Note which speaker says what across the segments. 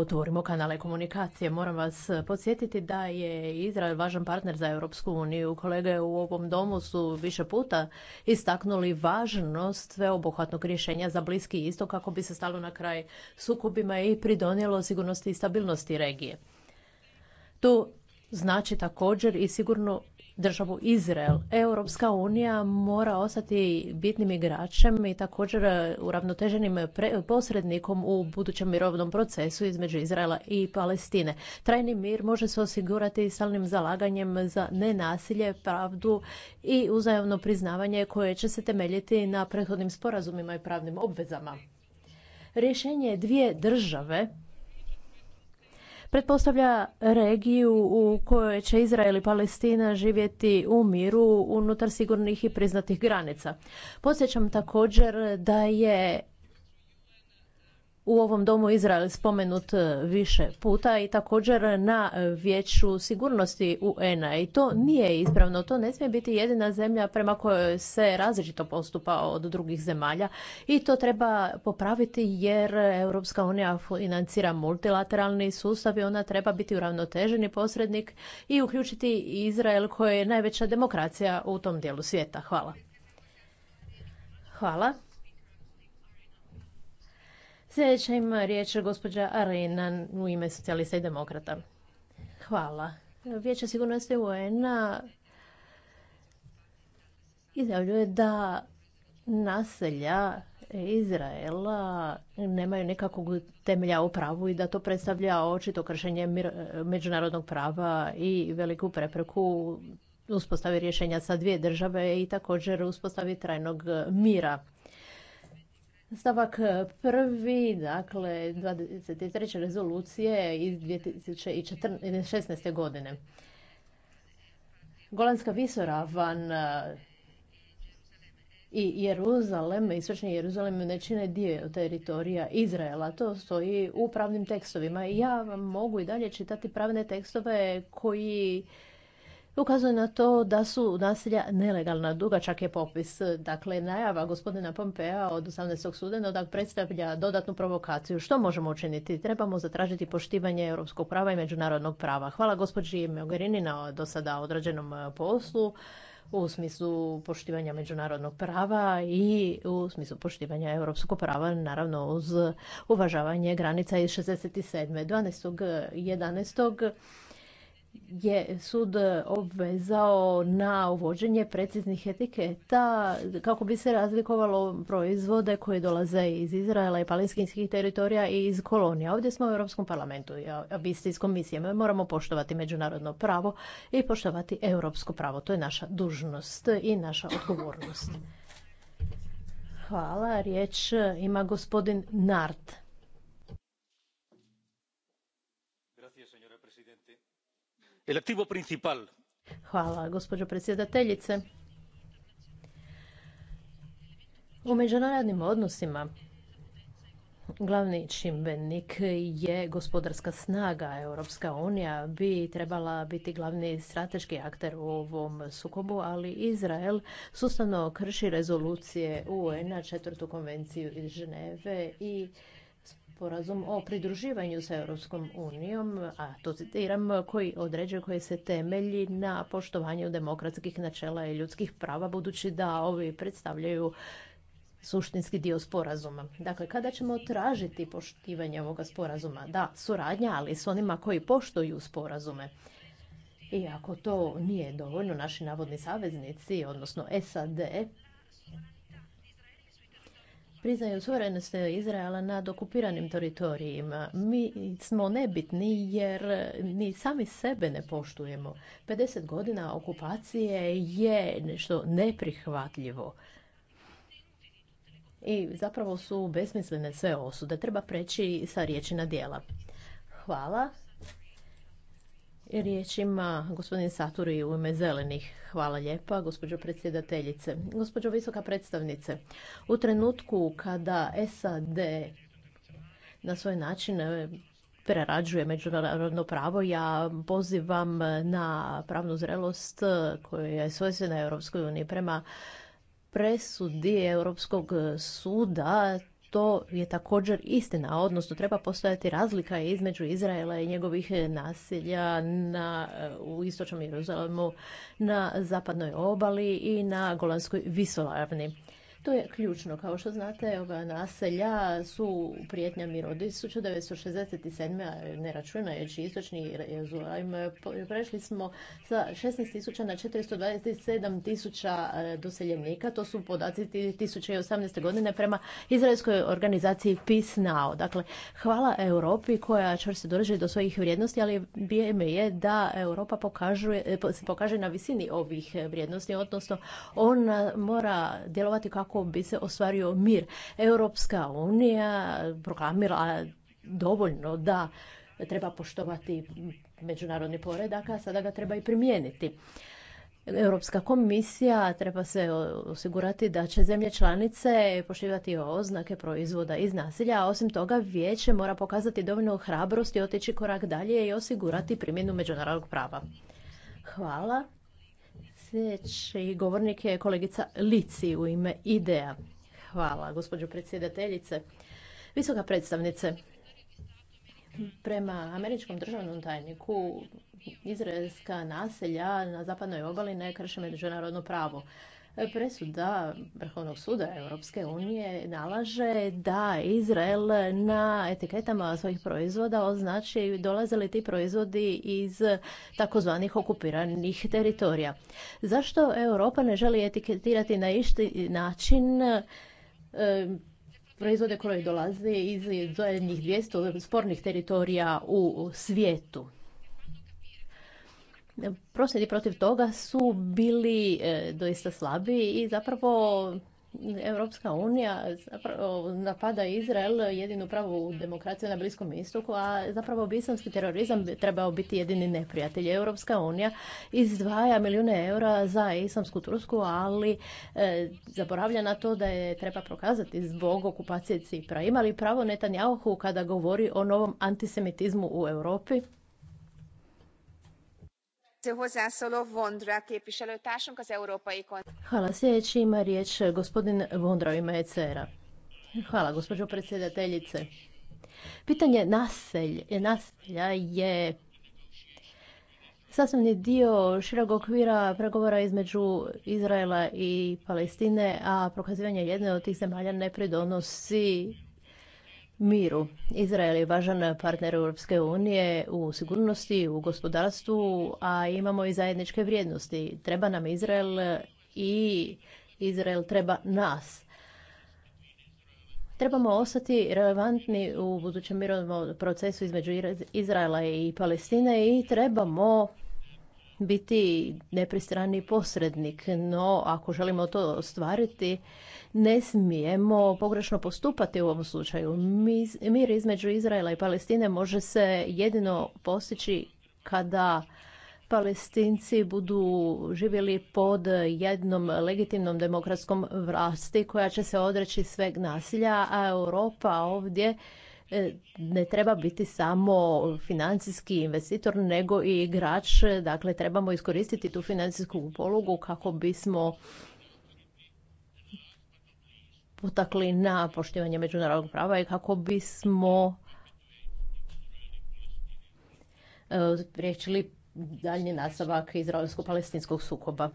Speaker 1: Otvorimo kanale komunikacije. Moram vas podsjetiti da je Izrael važan partner za Europsku uniju. Kolege u ovom domu su više puta istaknuli važnost sveobuhvatnog rješenja za Bliski istok kako bi se stalo na kraj sukobima i pridonijelo sigurnosti i stabilnosti regije. To znači također i sigurno državu Izrael. Europska unija mora ostati bitnim igračem i također uravnoteženim posrednikom u budućem mirovnom procesu između Izraela i Palestine. Trajni mir može se osigurati stalnim zalaganjem za nenasilje, pravdu i uzajamno priznavanje koje će se temeljiti na prethodnim sporazumima i pravnim obvezama. Rješenje dvije države pretpostavlja regiju u kojoj će Izrael i Palestina živjeti u miru unutar sigurnih i priznatih granica. Podsjećam također da je u ovom domu Izrael spomenut e, više puta i također na vijeću sigurnosti UN-a i to nije ispravno. To ne smije biti jedina zemlja prema kojoj se različito postupa od drugih zemalja i to treba popraviti jer Europska unija financira multilateralni sustav i ona treba biti uravnoteženi posrednik i uključiti Izrael koji je najveća demokracija u tom dijelu svijeta. Hvala. Hvala. Sljedeća ima riječ gospođa Arena u ime socijalista i demokrata. Hvala. Vijeće sigurnosti UN-a izjavljuje da naselja Izraela nemaju nekakvog temelja u pravu i da to predstavlja očito kršenje međunarodnog prava i veliku prepreku uspostavi rješenja sa dvije države i također uspostavi trajnog mira. Stavak prvi, dakle, 23. rezolucije iz 2016. godine. Golanska van e, i Jeruzalem, istočni Jeruzalem ne čine dio teritorija Izraela. To stoji u pravnim tekstovima. Ja vam mogu i dalje čitati pravne tekstove koji ukazuje na to da su nasilja nelegalna. čak je popis. Dakle, najava gospodina Pompea od 18. odak predstavlja dodatnu provokaciju. Što možemo učiniti? Trebamo zatražiti poštivanje europskog prava i međunarodnog prava. Hvala gospođi Mogherini na do sada odrađenom e, poslu u smislu poštivanja međunarodnog prava i u smislu poštivanja europskog prava, naravno uz uvažavanje granica iz 67. 12. 11 je sud obvezao na uvođenje preciznih etiketa kako bi se razlikovalo proizvode koji dolaze iz Izraela i palestinskih teritorija i iz kolonija. Ovdje smo u Europskom parlamentu, a vi ste iz komisije. Mi moramo poštovati međunarodno pravo i poštovati europsko pravo. To je naša dužnost i naša odgovornost. Hvala. Riječ ima gospodin Nart. Hvala, gospođo predsjedateljice. U međunarodnim odnosima glavni čimbenik je gospodarska snaga. Europska unija bi trebala biti glavni strateški akter u ovom sukobu, ali Izrael sustavno krši rezolucije UN-a, četvrtu konvenciju iz Ženeve i sporazum o pridruživanju sa Europskom unijom, a to citiram, koji određuje koji se temelji na poštovanju demokratskih načela i ljudskih prava, budući da ovi predstavljaju suštinski dio sporazuma. Dakle, kada ćemo tražiti poštivanje ovoga sporazuma? Da, suradnja, ali s onima koji poštuju sporazume. Iako to nije dovoljno, naši navodni saveznici, odnosno SAD, priznaju suverenost Izraela nad okupiranim teritorijima. Mi smo nebitni jer ni sami sebe ne poštujemo. 50 godina okupacije je nešto neprihvatljivo. I zapravo su besmislene sve osude. Treba preći sa riječi na dijela. Hvala. Riječ ima gospodin Saturi u ime zelenih. Hvala lijepa, gospođo predsjedateljice. Gospođo visoka predstavnice, u trenutku kada SAD na svoj način e, prerađuje međunarodno pravo, ja pozivam na pravnu zrelost koja je svojstvena Europskoj uniji prema presudi Europskog suda to je također istina, odnosno treba postojati razlika između Izraela i njegovih e, nasilja na, e, u istočnom Jeruzalemu, na zapadnoj obali i na Golanskoj visoravni. To je ključno. Kao što znate, naselja su prijetnja mirodi 1967. ne računajući istočni Jeruzalem. Prešli smo sa 16.000 na 427.000 e, doseljenika. To su podaci 2018. godine prema izraelskoj organizaciji Peace Now. Dakle, hvala Europi koja čvrsto drži do svojih vrijednosti, ali vrijeme je da Europa pokaže, e, pokaže na visini ovih vrijednosti, odnosno ona mora djelovati kako kako bi se ostvario mir. Europska unija programila dovoljno da treba poštovati međunarodni poredak, a sada ga treba i primijeniti. Europska komisija treba se osigurati da će zemlje članice poštivati oznake proizvoda iz nasilja, a osim toga vijeće mora pokazati dovoljno hrabrosti, otići korak dalje i osigurati primjenu međunarodnog prava. Hvala. Sljedeći govornik je kolegica Lici u ime IDEA. Hvala, gospođo predsjedateljice. Visoka predstavnice, prema američkom državnom tajniku izraelska naselja na zapadnoj obali ne krše međunarodno pravo. Presuda Vrhovnog suda Europske unije nalaže da Izrael na etiketama svojih proizvoda označi dolaze li ti proizvodi iz takozvanih okupiranih teritorija. Zašto Europa ne želi etiketirati na isti način e, proizvode koji dolaze iz zadnjih 200 spornih teritorija u svijetu? prosvjedi protiv toga su bili e, doista slabi i zapravo Europska unija napada Izrael jedinu pravu demokraciju na Bliskom istoku, a zapravo bi terorizam trebao biti jedini neprijatelj. Europska unija izdvaja milijune eura za islamsku Tursku, ali e, zaboravlja na to da je treba prokazati zbog okupacije Cipra. Ima li pravo Netanjahu kada govori o novom antisemitizmu u Europi? Hvala. Sljedeći ima riječ gospodin ima Hvala, gospođo predsjedateljice. Pitanje naselja je sastavni dio širog okvira pregovora između Izraela i Palestine, a prokazivanje jedne od tih zemalja ne pridonosi miru. Izrael je važan partner Europske unije u sigurnosti, u gospodarstvu, a imamo i zajedničke vrijednosti. Treba nam Izrael i Izrael treba nas. Trebamo ostati relevantni u budućem mirovnom procesu između Izraela i Palestine i trebamo biti nepristrani posrednik, no ako želimo to ostvariti, ne smijemo pogrešno postupati u ovom slučaju. Mir između Izraela i Palestine može se jedino postići kada Palestinci budu živjeli pod jednom legitimnom demokratskom vlasti koja će se odreći sveg nasilja, a Europa ovdje E, ne treba biti samo financijski investitor nego i igrač. Dakle, trebamo iskoristiti tu financijsku polugu kako bismo potakli na poštivanje međunarodnog prava i kako bismo e, priječili daljnji nastavak izraelsko-palestinskog sukoba.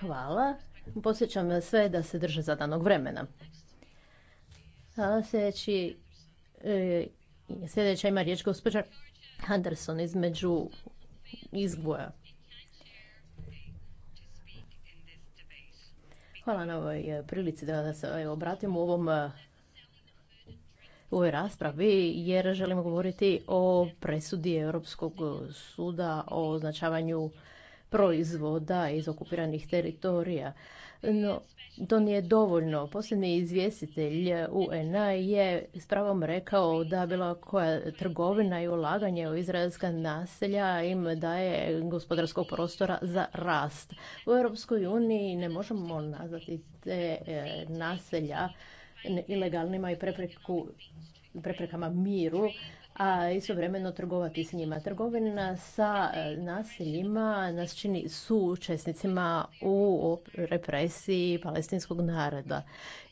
Speaker 1: Hvala. Posjećam sve da se drže zadanog vremena. Sljedeći E, sljedeća ima riječ gospođa Anderson između izboja. Hvala na ovoj e, prilici da se e, obratim u ovom u ovoj raspravi jer želimo govoriti o presudi Europskog suda o označavanju proizvoda iz okupiranih teritorija. No, to nije dovoljno. Posljedni izvjestitelj un je s pravom rekao da bilo koja trgovina i ulaganje u izraelska naselja im daje gospodarskog prostora za rast. U Europskoj uniji ne možemo nazvati te e, naselja ilegalnima i preprekama miru a istovremeno trgovati s njima. Trgovina sa e, nasiljima nas čini sučesnicima u represiji palestinskog naroda.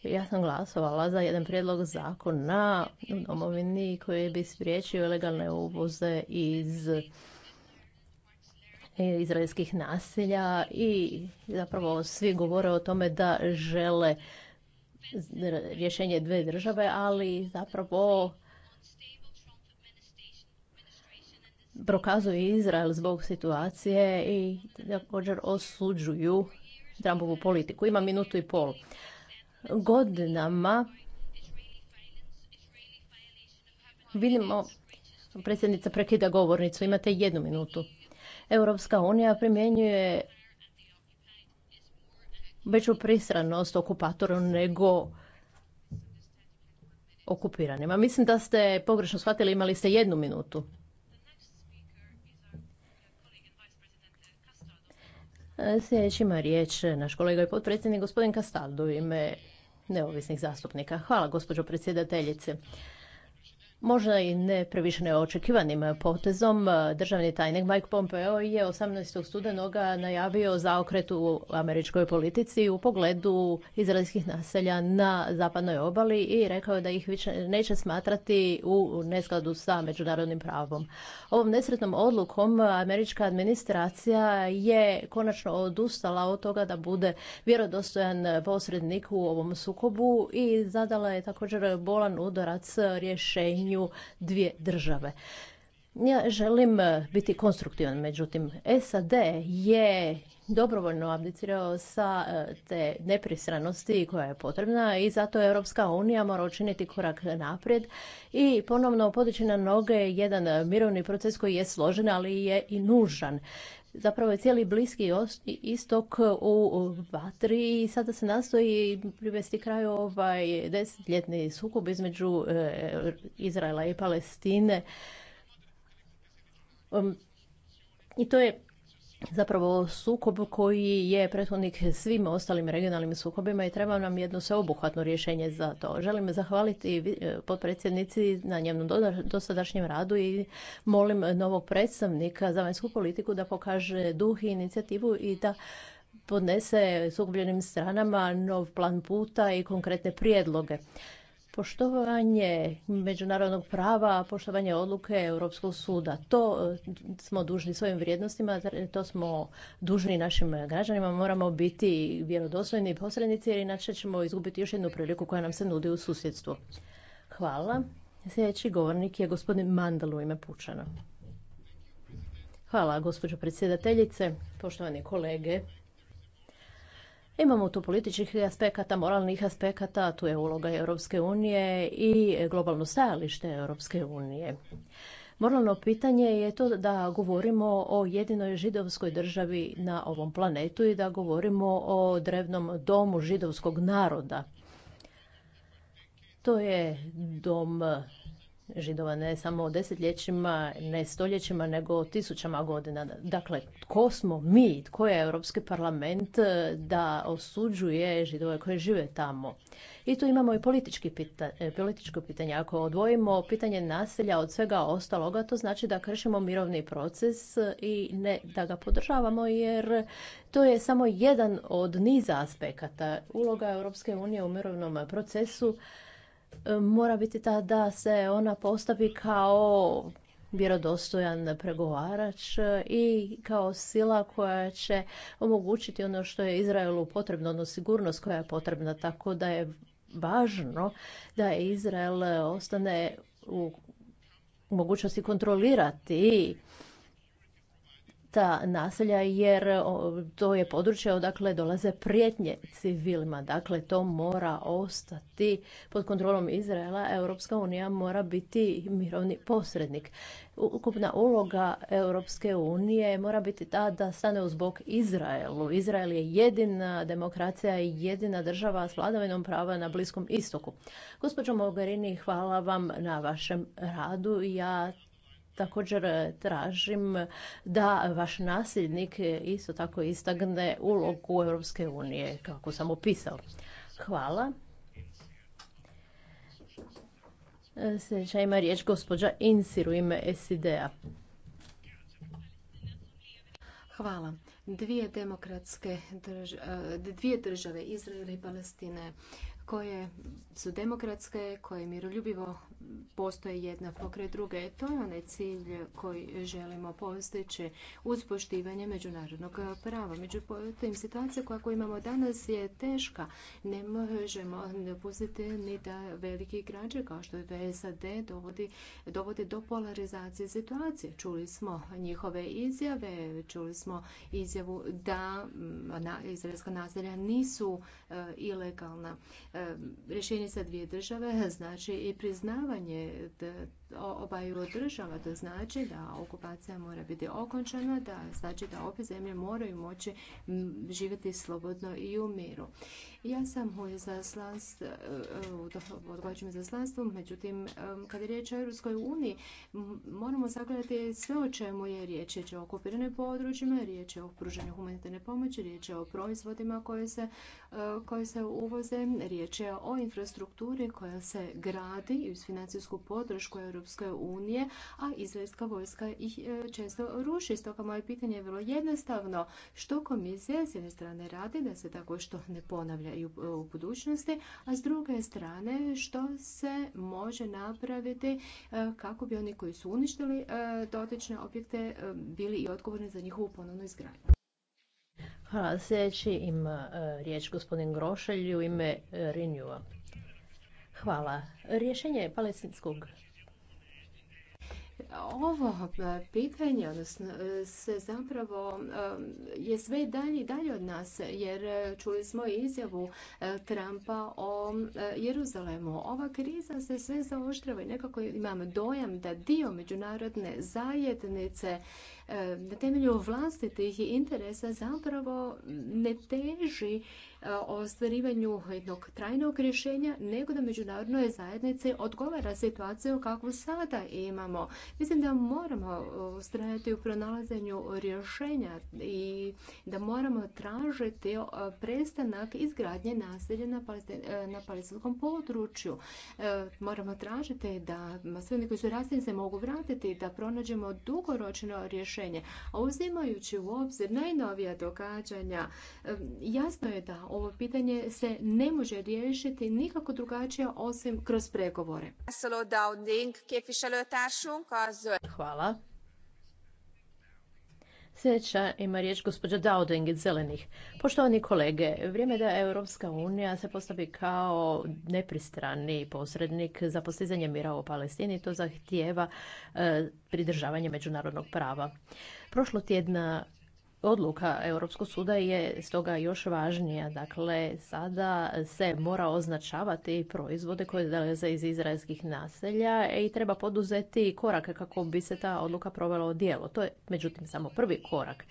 Speaker 1: Ja sam glasovala za jedan prijedlog zakona u domovini koji bi spriječio ilegalne uvoze iz e, izraelskih nasilja i zapravo svi govore o tome da žele rješenje dve države, ali zapravo prokazuje Izrael zbog situacije i također osuđuju Trumpovu politiku. Ima minutu i pol. Godinama vidimo, predsjednica prekida govornicu, imate jednu minutu. Europska unija primjenjuje veću pristranost okupatoru nego okupiranima. Mislim da ste pogrešno shvatili, imali ste jednu minutu. Sljedeći ima riječ naš kolega i potpredsjednik gospodin Kastaldu u ime neovisnih zastupnika. Hvala gospođo predsjedateljice možda i ne previše neočekivanim potezom, e, državni tajnik Mike Pompeo je 18. studenoga najavio zaokret u američkoj politici u pogledu izraelskih naselja na zapadnoj obali i rekao da ih više neće smatrati u neskladu sa međunarodnim pravom. Ovom nesretnom odlukom američka administracija je konačno odustala od toga da bude vjerodostojan posrednik u ovom sukobu i zadala je također bolan udarac rješenju nju dvije države. Ja želim e, biti konstruktivan, međutim, SAD je dobrovoljno abdicirao sa e, te nepristranosti koja je potrebna i zato Europska unija mora učiniti korak naprijed i ponovno podići na noge jedan mirovni proces koji je složen, ali je i nužan zapravo je cijeli bliski istok e, u vatri i sada se nastoji privesti kraju ovaj desetljetni sukob između e, Izraela i Palestine. Um, I to je zapravo sukob koji je prethodnik svim ostalim regionalnim sukobima i treba nam jedno sveobuhvatno rješenje za to. Želim zahvaliti eh, potpredsjednici na njenom dosadašnjem radu i molim novog predstavnika za vanjsku politiku da pokaže duh i inicijativu i da podnese sukobljenim stranama nov plan puta i konkretne prijedloge poštovanje međunarodnog prava, poštovanje odluke Europskog suda. To e, smo dužni svojim vrijednostima, to smo dužni našim građanima. Moramo biti vjerodostojni posrednici jer inače ćemo izgubiti još jednu priliku koja nam se nudi u susjedstvu. Hvala. Sljedeći govornik je gospodin Mandal u ime Pučana. Hvala, gospođo predsjedateljice, poštovani kolege. Imamo tu političkih aspekata, moralnih aspekata, tu je uloga Europske unije i globalno stajalište Europske unije. Moralno pitanje je to da govorimo o jedinoj židovskoj državi na ovom planetu i da govorimo o drevnom domu židovskog naroda. To je dom židova ne samo desetljećima, ne stoljećima, nego tisućama godina. Dakle, tko smo mi, tko je Europski parlament eh, da osuđuje židove koje žive tamo? I tu imamo i politički eh, političko pitanje. Ako odvojimo pitanje naselja od svega ostaloga, to znači da kršimo mirovni proces eh, i ne da ga podržavamo, jer to je samo jedan od niza aspekata. Uloga Europske unije u mirovnom procesu mora biti ta da se ona postavi kao vjerodostojan pregovarač i kao sila koja će omogućiti ono što je Izraelu potrebno, ono sigurnost koja je potrebna, tako da je važno da je Izrael ostane u mogućnosti kontrolirati ta naselja jer to je područje odakle dolaze prijetnje civilima. Dakle, to mora ostati pod kontrolom Izraela. Europska unija mora biti mirovni posrednik. Ukupna uloga Europske unije mora biti ta da stane uz bok Izraelu. Izrael je jedina demokracija i jedina država s vladavinom prava na Bliskom istoku. Gospođo Mogherini, hvala vam na vašem radu. Ja Također e, tražim da vaš nasljednik e, isto tako istagne ulogu Europske unije, kako sam opisao. Hvala. E, sljedeća ima riječ gospođa Insir u ime SID-a. Hvala. Dvije
Speaker 2: demokratske dvije države, Izrael i Palestine, koje su demokratske, koje miroljubivo postoje jedna pokraj druge. To je onaj cilj koji želimo postići uz poštivanje međunarodnog prava. Međutim, situacija koju imamo danas je teška. Ne možemo dopustiti ni da veliki građe kao što je SAD dovodi, dovode do polarizacije situacije. Čuli smo njihove izjave, čuli smo izjavu da na, izraelska naselja nisu e, ilegalna. Rješenje sa dvije države znači i priznavanje obaju država. To znači da okupacija mora biti okončana, da znači da obje zemlje moraju moći živjeti slobodno i u miru. Ja sam u za e, izaslanstvu, međutim, e, kad je riječ o Europskoj uniji, moramo sagledati sve o čemu je riječ. Riječ je o okupiranim područjima, riječ je o pružanju humanitarne pomoći, riječ je o proizvodima koje se, e, se uvoze, riječ je o infrastrukturi koja se gradi i uz financijsku podršku EU Europske unije, a izraelska vojska ih e, često ruši. Stoga moje pitanje je vrlo jednostavno. Što komisija s jedne strane radi da se tako što ne ponavlja i u e, budućnosti, a s druge strane što se može napraviti e, kako bi oni koji su uništili dotične objekte bili i odgovorni za njihovu ponovnu izgradnju.
Speaker 1: Hvala. Sljedeći ima riječ gospodin Grošelj u ime Rinjua. Hvala. Rješenje palestinskog
Speaker 2: ovo e, pitanje odnosno, e, se zapravo e, je sve dalje i dalje od nas, jer čuli smo izjavu Trumpa o Jeruzalemu. Ova kriza se sve zaoštrava i nekako imam dojam da dio međunarodne zajednice na temelju vlastitih interesa zapravo ne teži E, o ostvarivanju jednog trajnog rješenja, nego da međunarodnoj zajednici odgovara situaciju kakvu sada imamo. Mislim da moramo e, ustrajati u pronalazenju rješenja i da moramo tražiti e, prestanak izgradnje naselja na palestinskom području. Moramo tražiti da sve oni koji su se mogu vratiti, da pronađemo dugoročno rješenje. A uzimajući u obzir najnovija događanja, jasno je da ovo pitanje se ne može riješiti nikako
Speaker 1: drugačije osim kroz pregovore. Hvala. Sljedeća ima riječ gospođa Dowding iz Zelenih. Poštovani kolege, vrijeme da Europska unija se postavi kao nepristrani posrednik za postizanje mira u Palestini, to zahtijeva e, pridržavanje međunarodnog prava. Prošlo tjedna odluka Europskog suda je stoga još važnija. Dakle, sada se mora označavati proizvode koje dolaze iz izraelskih naselja i treba poduzeti korake kako bi se ta odluka provela u djelo. To je, međutim, samo prvi korak.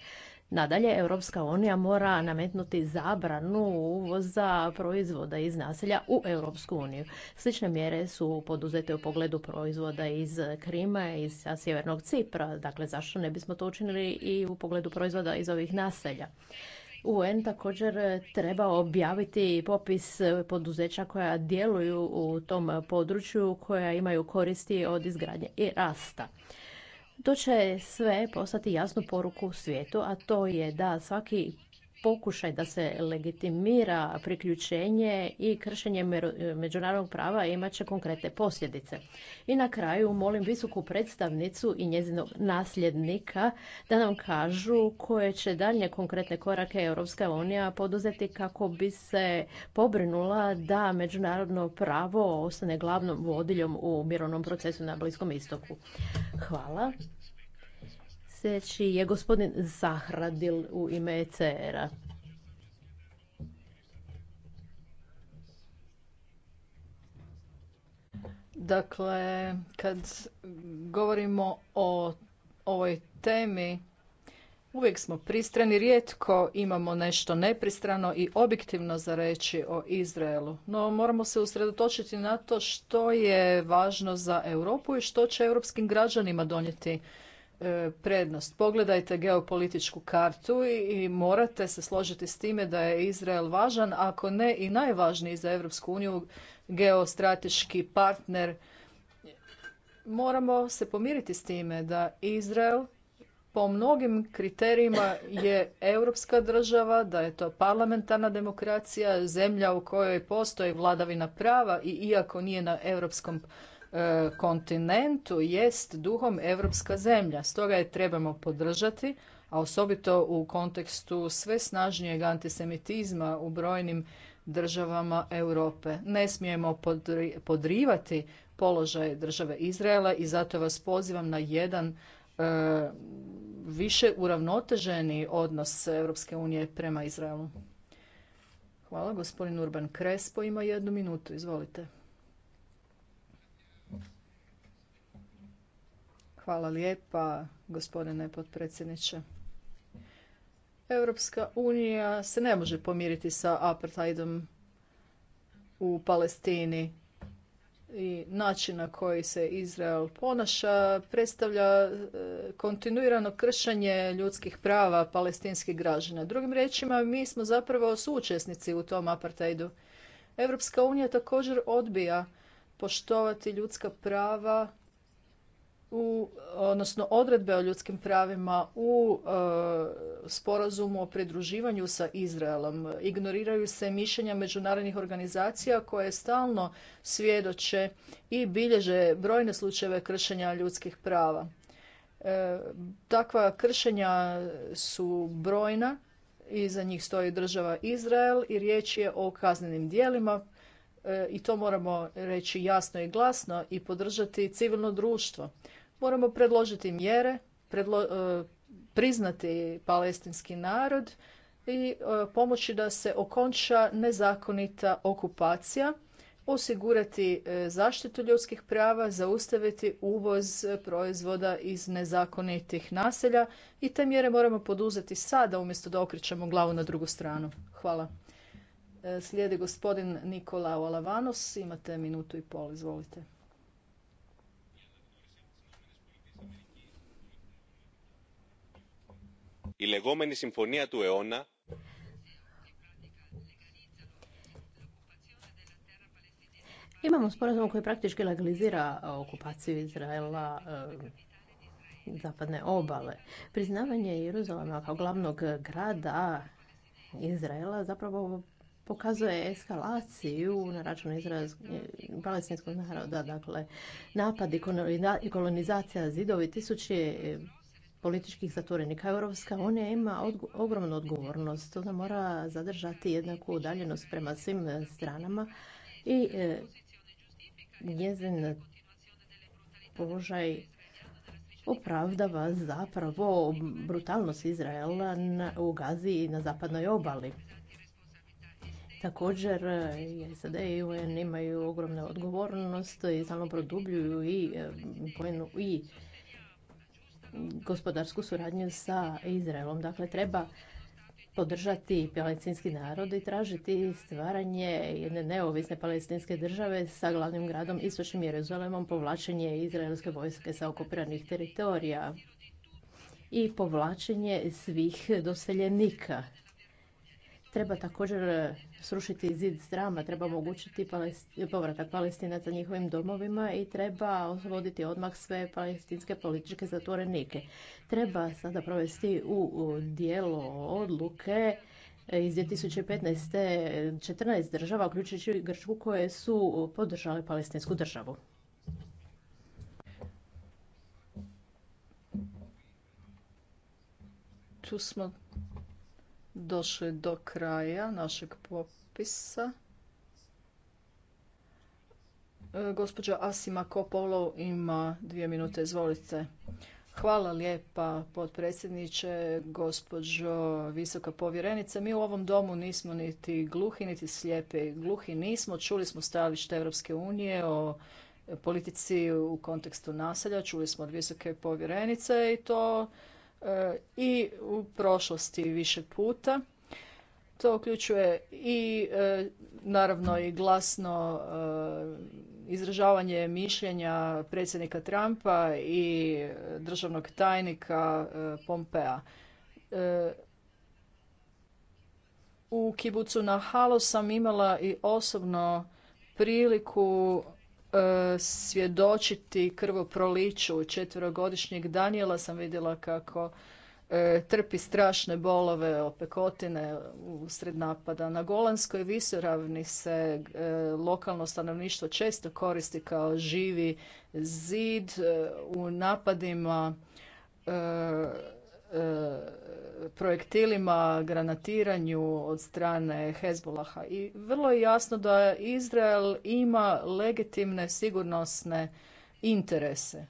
Speaker 1: Nadalje, Europska unija mora nametnuti zabranu uvoza proizvoda iz naselja u Europsku uniju. Slične mjere su poduzete u pogledu proizvoda iz Krima, iz Sjevernog Cipra. Dakle, zašto ne bismo to učinili i u pogledu proizvoda iz ovih naselja? UN također treba objaviti popis poduzeća koja djeluju u tom području, koja imaju koristi od izgradnje i rasta. To će sve poslati jasnu poruku svijetu, a to je da svaki pokušaj da se legitimira priključenje i kršenje međunarodnog prava imat će konkretne posljedice. I na kraju molim visoku predstavnicu i njezinog nasljednika da nam kažu koje će daljnje konkretne korake Europska unija poduzeti kako bi se pobrinula da međunarodno pravo ostane glavnom vodiljom u mirovnom procesu na Bliskom istoku. Hvala. Sljedeći je gospodin Zahradil u ime ECR-a.
Speaker 3: Dakle, kad govorimo o ovoj temi, uvijek smo pristrani, rijetko imamo nešto nepristrano i objektivno za reći o Izraelu. No moramo se usredotočiti na to što je važno za Europu i što će europskim građanima donijeti E, prednost. Pogledajte geopolitičku kartu i morate se složiti s time da je Izrael važan, ako ne i najvažniji za Europsku uniju geostrateški partner. Moramo se pomiriti s time da Izrael po mnogim kriterijima je europska država, da je to parlamentarna demokracija, zemlja u kojoj postoji vladavina prava i iako nije na europskom E, kontinentu jest duhom europska zemlja. Stoga je trebamo podržati, a osobito u kontekstu sve snažnijeg antisemitizma u brojnim državama Europe. Ne smijemo podrivati položaj države Izraela i zato vas pozivam na jedan e, više uravnoteženi odnos Europske unije prema Izraelu. Hvala. Gospodin Urban Krespo ima jednu minutu. Izvolite. Hvala lijepa, gospodine potpredsjedniče. Europska unija se ne može pomiriti sa apartheidom u Palestini i način na koji se Izrael ponaša predstavlja e, kontinuirano kršanje ljudskih prava palestinskih građana. Drugim riječima, mi smo zapravo suučesnici u tom apartheidu. Europska unija također odbija poštovati ljudska prava u, odnosno odredbe o ljudskim pravima u e, sporazumu o pridruživanju sa Izraelom. Ignoriraju se mišljenja međunarodnih organizacija koje stalno svjedoče i bilježe brojne slučajeve kršenja ljudskih prava. E, takva kršenja su brojna Iza njih stoji država Izrael i riječ je o kaznenim dijelima E, i to moramo reći jasno i glasno i podržati civilno društvo. Moramo predložiti mjere, e, priznati palestinski narod i e, pomoći da se okonča nezakonita okupacija, osigurati zaštitu ljudskih prava, zaustaviti uvoz proizvoda iz nezakonitih naselja i te mjere moramo poduzeti sada umjesto da okrećemo glavu na drugu stranu. Hvala. E, slijedi gospodin Nikola Olavanos. Imate minutu i pol, izvolite.
Speaker 2: I simfonija tu eona
Speaker 1: Imamo sporazum koji praktički legalizira okupaciju Izraela e, zapadne obale. Priznavanje Jeruzalema kao glavnog grada Izraela zapravo pokazuje eskalaciju na račun Izraelskog eh, palestinskog naroda, dakle napad i kolonizacija zidovi tisuće eh, političkih zatvorenika. Europska unija ima ogromnu odgovornost. Ona mora zadržati jednaku udaljenost prema svim eh, stranama i njezin položaj opravdava zapravo brutalnost Izraela u Gazi i na zapadnoj obali. Također, eh, SAD i UN imaju ogromnu odgovornost i stalno produbljuju i vojnu eh, i gospodarsku suradnju sa Izraelom. Dakle, treba podržati palestinski narod i tražiti stvaranje jedne neovisne palestinske države sa glavnim gradom Istočnim Jeruzalemom, povlačenje izraelske vojske sa okupiranih teritorija i povlačenje svih doseljenika. Treba također e, srušiti zid strama, treba omogućiti povratak palestinaca njihovim domovima i treba osloboditi odmah sve palestinske političke zatvorenike. Treba sada provesti u dijelo odluke iz 2015. 14 država, uključujući Grčku, koje su podržale palestinsku državu. Tu smo
Speaker 3: došli do kraja našeg popisa. E, gospođa Asima Kopolov ima dvije minute, izvolite. Hvala lijepa potpredsjedniče, gospođo visoka povjerenice. Mi u ovom domu nismo niti gluhi, niti slijepi. Gluhi nismo, čuli smo stajalište Europske unije o politici u kontekstu naselja, čuli smo od visoke povjerenice i to E, i u prošlosti više puta. To uključuje i e, naravno i glasno e, izražavanje mišljenja predsjednika Trumpa i državnog tajnika Pompea. U kibucu na Halo sam imala i osobno priliku E, svjedočiti krvoproliću četverogodišnjeg Danijela sam vidjela kako e, trpi strašne bolove opekotine usred napada. Na Golanskoj visoravni se e, lokalno stanovništvo često koristi kao živi zid u napadima E, projektilima, granatiranju od strane Hezbolaha. I vrlo je jasno da Izrael ima legitimne sigurnosne interese.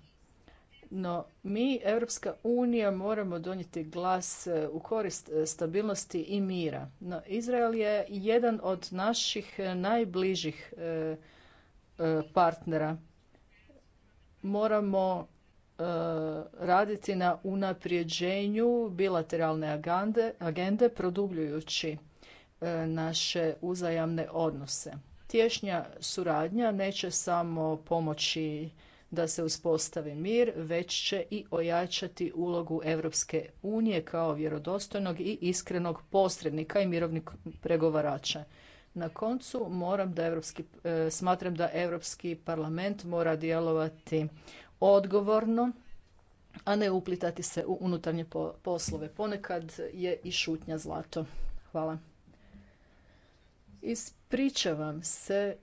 Speaker 3: No, mi, Europska unija, moramo donijeti glas e, u korist e, stabilnosti i mira. No, Izrael je jedan od naših najbližih partnera. Moramo E, raditi na unaprijeđenju bilateralne agende produbljujući e, naše uzajamne odnose. Tješnja suradnja neće samo pomoći da se uspostavi mir, već će i ojačati ulogu Europske unije kao vjerodostojnog i iskrenog posrednika i mirovnih pregovarača. Na koncu moram da Evropski, e, smatram da Europski parlament mora djelovati odgovorno, a ne uplitati se u unutarnje poslove. Ponekad je i šutnja zlato. Hvala. Ispričavam se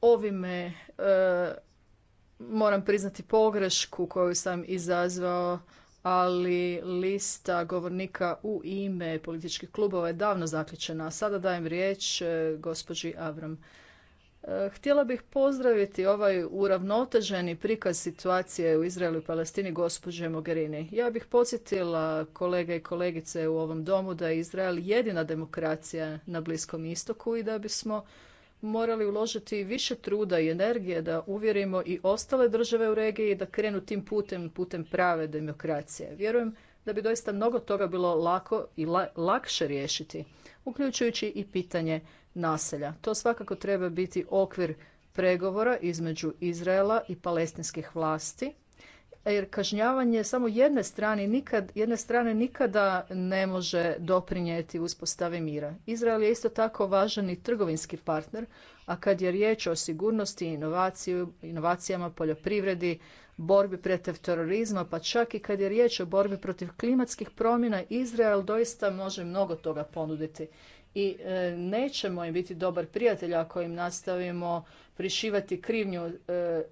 Speaker 3: ovime e, moram priznati pogrešku koju sam izazvao, ali lista govornika u ime političkih klubova je davno zaključena. sada dajem riječ e, gospođi Avram. Htjela bih pozdraviti ovaj uravnoteženi prikaz situacije u Izraelu i Palestini gospođe Mogherini. Ja bih podsjetila kolege i kolegice u ovom domu da je Izrael jedina demokracija na Bliskom istoku i da bismo morali uložiti više truda i energije da uvjerimo i ostale države u regiji da krenu tim putem, putem prave demokracije. Vjerujem da bi doista mnogo toga bilo lako i lakše riješiti, uključujući i pitanje naselja. To svakako treba biti okvir pregovora između Izraela i palestinskih vlasti, jer kažnjavanje samo jedne strane, nikad, jedne strane nikada ne može doprinijeti uspostavi mira. Izrael je isto tako važan i trgovinski partner, a kad je riječ o sigurnosti, inovaciju, inovacijama, poljoprivredi, borbi protiv terorizma, pa čak i kad je riječ o borbi protiv klimatskih promjena, Izrael doista može mnogo toga ponuditi i e, nećemo im biti dobar prijatelj ako im nastavimo prišivati krivnju e, e,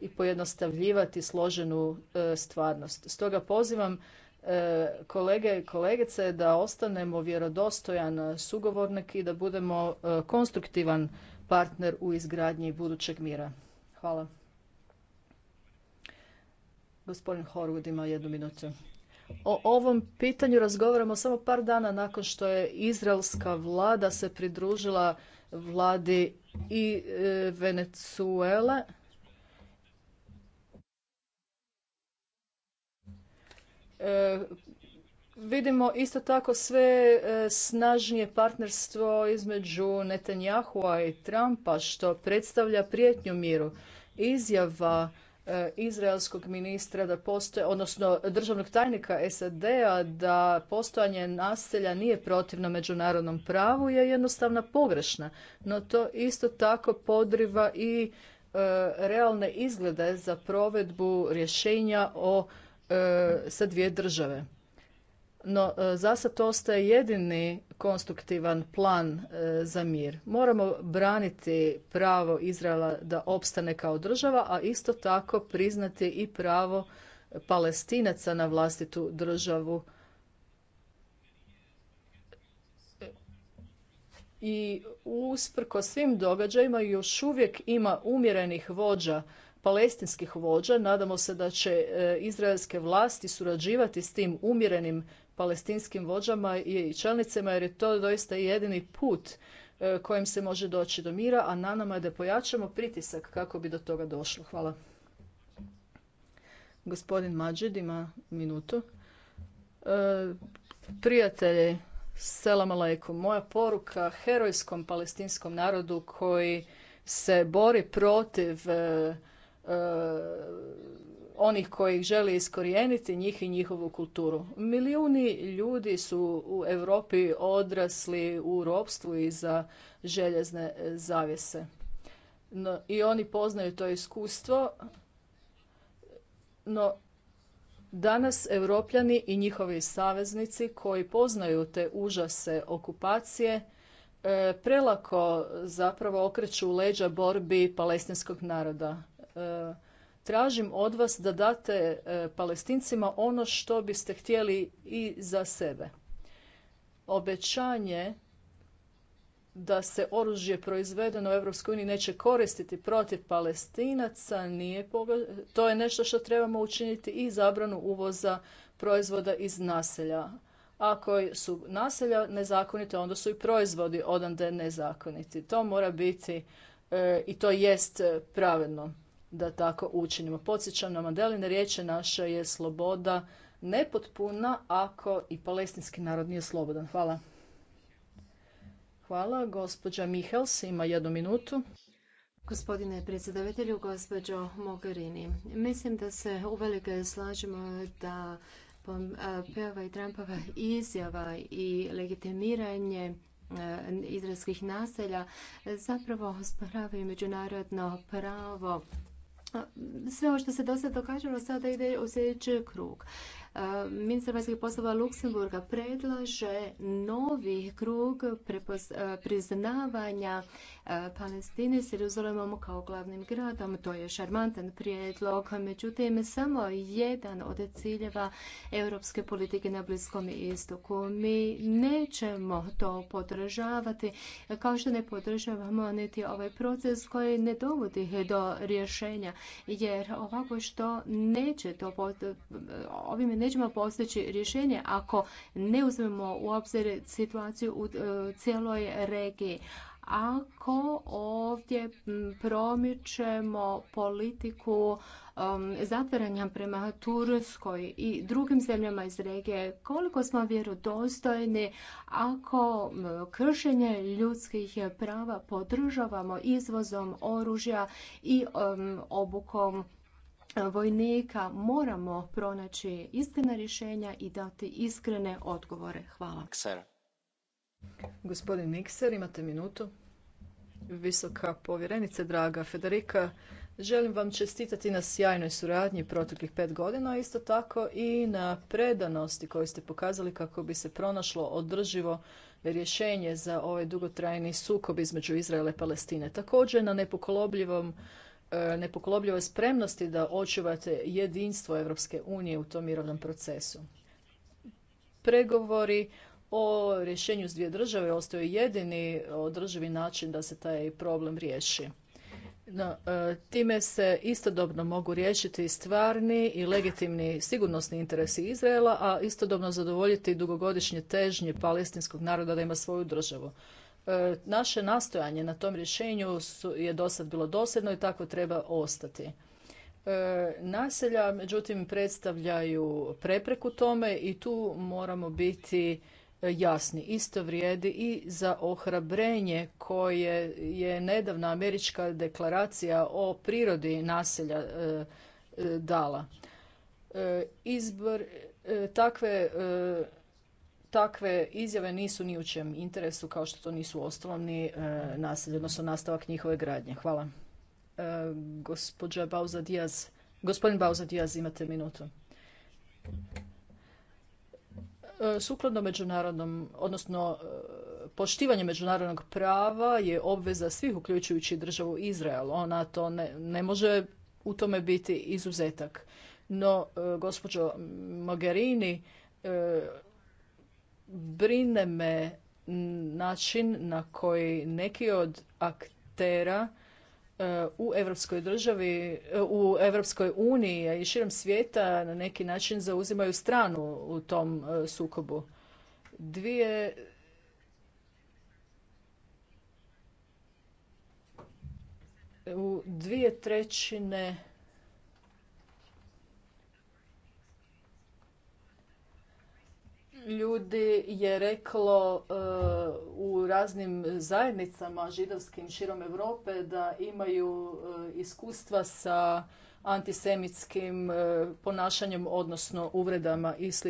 Speaker 3: i pojednostavljivati složenu stvarnost. Stoga pozivam kolege i kolegice da ostanemo vjerodostojan sugovornik i da budemo konstruktivan partner u izgradnji budućeg mira. Hvala. Gospodin Horvud ima jednu minutu o ovom pitanju razgovaramo samo par dana nakon što je izraelska vlada se pridružila vladi i e, Venezuele. E, vidimo isto tako sve e, snažnije partnerstvo između Netanjahua i Trumpa što predstavlja prijetnju miru. Izjava E, izraelskog ministra da postoje, odnosno državnog tajnika SAD-a da postojanje naselja nije protivno međunarodnom pravu je jednostavno pogrešna. No to isto tako podriva i e, realne izglede za provedbu rješenja o, e, sa dvije države. No, e, zasad to ostaje jedini konstruktivan plan e, za mir. Moramo braniti pravo Izraela da opstane kao država, a isto tako priznati i pravo Palestinaca na vlastitu državu. I usprko svim događajima još uvijek ima umjerenih vođa palestinskih vođa. Nadamo se da će e, izraelske vlasti surađivati s tim umjerenim palestinskim vođama i čelnicima jer je to doista jedini put e, kojim se može doći do mira, a na nama je da pojačamo pritisak kako bi do toga došlo. Hvala. Gospodin Mađid ima minutu. E, prijatelji, selam aleikum. Moja poruka herojskom palestinskom narodu koji se bori protiv e, onih koji ih žele iskorijeniti, njih i njihovu kulturu. Milijuni ljudi su u Europi odrasli u ropstvu za željezne zavjese. I oni poznaju to iskustvo, no danas Europljani i njihovi saveznici koji poznaju te užase okupacije e, prelako zapravo okreću leđa borbi palestinskog naroda. E, tražim od vas da date e, palestincima ono što biste htjeli i za sebe. Obećanje da se oružje proizvedeno u EU neće koristiti protiv palestinaca, nije to je nešto što trebamo učiniti i zabranu uvoza proizvoda iz naselja. Ako su naselja nezakonite, onda su i proizvodi odande nezakoniti. To mora biti e, i to jest pravedno da tako učinimo. Podsjećam na Mandeline riječi, naša je sloboda nepotpuna ako i palestinski narod nije slobodan. Hvala. Hvala. Gospođa Mihels ima jednu minutu. Gospodine predsjedavatelju, gospođo Mogherini, mislim da se
Speaker 2: uvelike slažemo da i Trumpova izjava i legitimiranje izraelskih naselja zapravo osporavaju međunarodno pravo sve ovo što se do sada događalo sada ide u sljedeći krug. Ministar vanjskih poslova Luksemburga predlaže novi krug priznavanja E, Palestini s Jeruzalemom kao glavnim gradom. To je šarmantan prijedlog, međutim samo jedan od ciljeva europske politike na Bliskom istoku. Mi nećemo to podržavati, kao što ne podržavamo niti ovaj proces koji ne dovodi do rješenja, jer ovako što neće to ovime nećemo postići rješenje ako ne uzmemo u obzir situaciju u e, cijeloj regiji ako ovdje promičemo politiku um, zatvaranja prema Turskoj i drugim zemljama iz regije, koliko smo vjerodostojni ako kršenje ljudskih prava podržavamo izvozom oružja i um, obukom vojnika moramo pronaći iskrena rješenja i dati iskrene odgovore. Hvala.
Speaker 3: Gospodin Nikser, imate minutu. Visoka povjerenice, draga Federika, želim vam čestitati na sjajnoj suradnji proteklih pet godina, a isto tako i na predanosti koju ste pokazali kako bi se pronašlo održivo rješenje za ovaj dugotrajni sukob između Izraela i Palestine. Također na nepokolebljivom e, nepokolobljivoj spremnosti da očuvate jedinstvo Europske unije u tom mirovnom procesu. Pregovori o rješenju s dvije države ostao je jedini održivi način da se taj problem riješi. No, e, time se istodobno mogu riješiti stvarni i legitimni sigurnosni interesi Izraela, a istodobno zadovoljiti dugogodišnje težnje palestinskog naroda da ima svoju državu. E, naše nastojanje na tom rješenju je dosad bilo dosljedno i tako treba ostati. E, naselja, međutim, predstavljaju prepreku tome i tu moramo biti E, jasni. Isto vrijedi i za ohrabrenje koje je nedavna američka deklaracija o prirodi naselja e, e, dala. Izbor takve takve izjave nisu ni u čijem interesu kao što to nisu uostalom ni nasilje, odnosno nastavak njihove gradnje. Hvala. gospodin Bauza Dijaz imate minutu. E, sukladno međunarodnom, odnosno e, poštivanje međunarodnog prava je obveza svih uključujući državu Izrael. Ona to ne, ne može u tome biti izuzetak. No, e, gospođo Mogherini, brine me način na koji neki od aktera u europskoj državi, e, u Europskoj uniji i širom svijeta na neki način zauzimaju stranu u tom e, sukobu. Dvije u dvije trećine ljudi je reklo e, u raznim zajednicama židovskim širom Europe da imaju e, iskustva sa antisemitskim e, ponašanjem, odnosno uvredama i sl.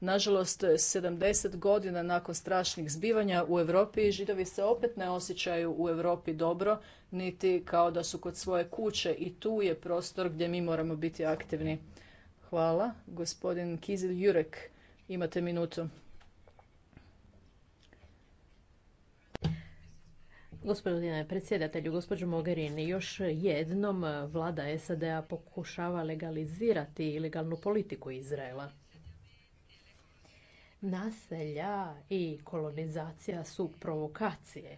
Speaker 3: Nažalost, 70 godina nakon strašnih zbivanja u Europi židovi se opet ne osjećaju u Europi dobro, niti kao da su kod svoje kuće i tu je prostor gdje mi moramo biti aktivni. Hvala. Gospodin Kizil Jurek Imate minutu.
Speaker 1: Gospodine predsjedatelju, gospođo Mogherini, još jednom vlada SAD-a pokušava legalizirati ilegalnu politiku Izraela. Naselja i kolonizacija su provokacije.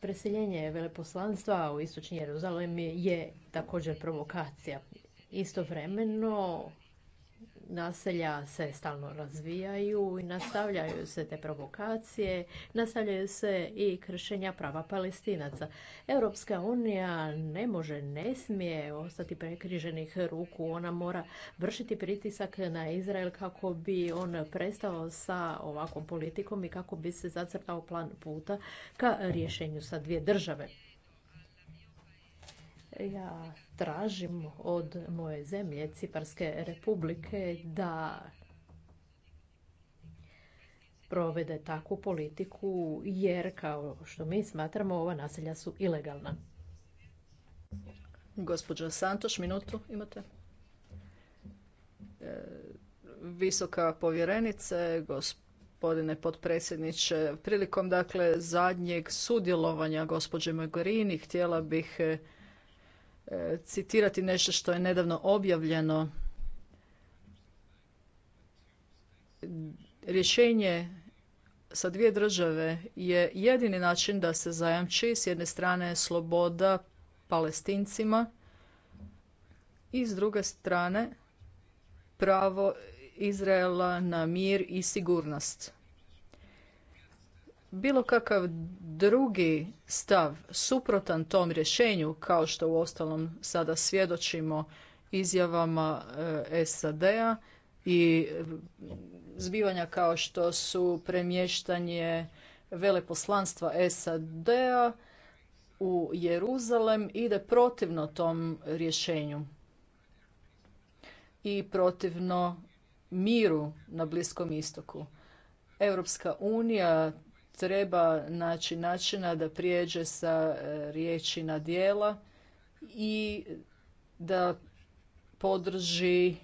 Speaker 1: Preseljenje veleposlanstva u Istočni Jeruzalem je također provokacija. Istovremeno naselja se stalno razvijaju i nastavljaju se te provokacije, nastavljaju se i kršenja prava palestinaca. Europska unija ne može, ne smije ostati prekriženih ruku. Ona mora vršiti pritisak na Izrael kako bi on prestao sa ovakvom politikom i kako bi se zacrtao plan puta ka rješenju sa dvije države. Ja tražim od moje zemlje, Ciparske republike, da provede takvu politiku, jer kao što mi smatramo, ova naselja su ilegalna. Gospođo Santoš, minutu imate. E,
Speaker 3: visoka povjerenice, gospodine potpredsjedniče, prilikom dakle zadnjeg sudjelovanja gospođe Mogherini htjela bih e, E, citirati nešto što je nedavno objavljeno. Rješenje sa dvije države je jedini način da se zajamči s jedne strane sloboda palestincima i s druge strane pravo Izraela na mir i sigurnost bilo kakav drugi stav suprotan tom rješenju, kao što ostalom sada svjedočimo izjavama e, SAD-a i zbivanja kao što su premještanje veleposlanstva SAD-a u Jeruzalem ide protivno tom rješenju i protivno miru na Bliskom istoku. Europska unija treba naći načina da prijeđe sa e, riječi na dijela i da podrži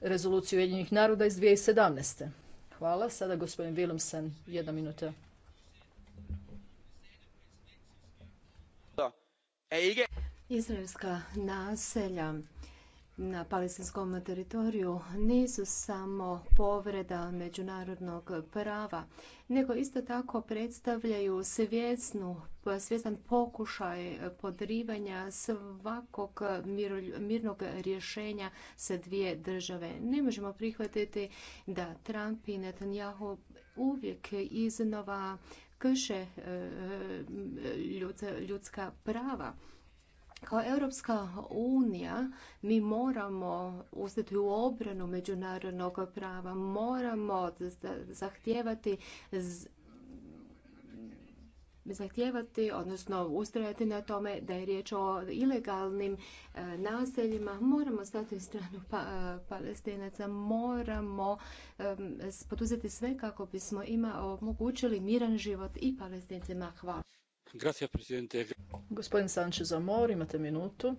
Speaker 3: rezoluciju Ujedinjenih naroda iz 2017. Hvala. Sada gospodin Willemsen, jedna minuta.
Speaker 2: E, Izraelska naselja na palestinskom teritoriju nisu samo povreda međunarodnog prava, nego isto tako predstavljaju svjesnu, svjestan pokušaj podrivanja svakog mirnog rješenja sa dvije države. Ne možemo prihvatiti da Trump i Netanyahu uvijek iznova krše e, e, ljudska prava kao Europska unija mi moramo uzeti u obranu međunarodnog prava, moramo zahtijevati zahtijevati, odnosno ustrajati na tome da je riječ o ilegalnim e, naseljima. Moramo stati u stranu pa, e, palestinaca, moramo poduzeti sve kako bismo ima
Speaker 3: omogućili miran život i palestincima. Hvala. Gracias, presidente. Gospodin Sanchez Amor, imate minutu.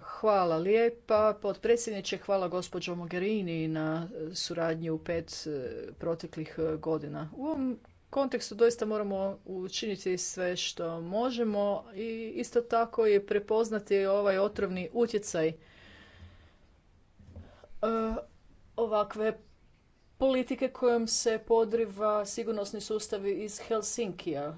Speaker 3: Hvala lijepa. Potpredsjedniče, hvala gospođo Mogherini na suradnji u pet e, proteklih e, godina. U ovom kontekstu doista moramo učiniti sve što možemo i isto tako je prepoznati ovaj otrovni utjecaj e, ovakve politike kojom se podriva sigurnosni sustav iz Helsinkija. E,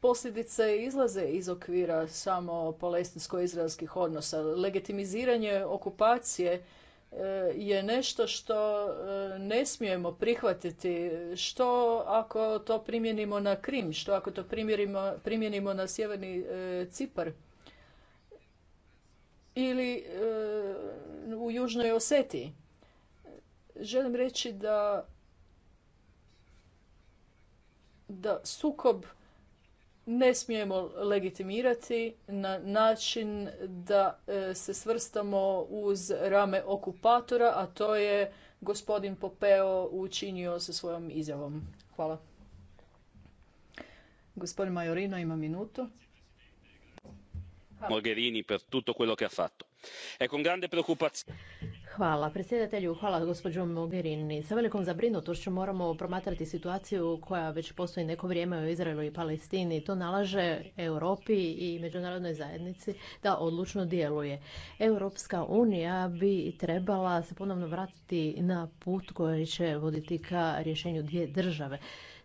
Speaker 3: posljedice izlaze iz okvira samo palestinsko-izraelskih odnosa. Legitimiziranje okupacije e, je nešto što e, ne smijemo prihvatiti. Što ako to primjenimo na Krim? Što ako to primjenimo na Sjeverni Cipar? Ili u Južnoj Osetiji? želim reći da da sukob ne smijemo legitimirati na način da e, se svrstamo uz rame okupatora, a to je gospodin Popeo učinio sa svojom izjavom. Hvala. Gospodin Majorino ima minutu. Mogherini per tutto quello che ha fatto. E con grande preoccupazione
Speaker 1: Hvala predsjedatelju, hvala gospođo Mogherini. Sa velikom zabrinutošću moramo promatrati situaciju koja već postoji neko vrijeme u Izraelu i Palestini. To nalaže Europi i međunarodnoj zajednici da odlučno djeluje. Europska unija bi trebala se ponovno vratiti na put koji će voditi ka rješenju dvije države.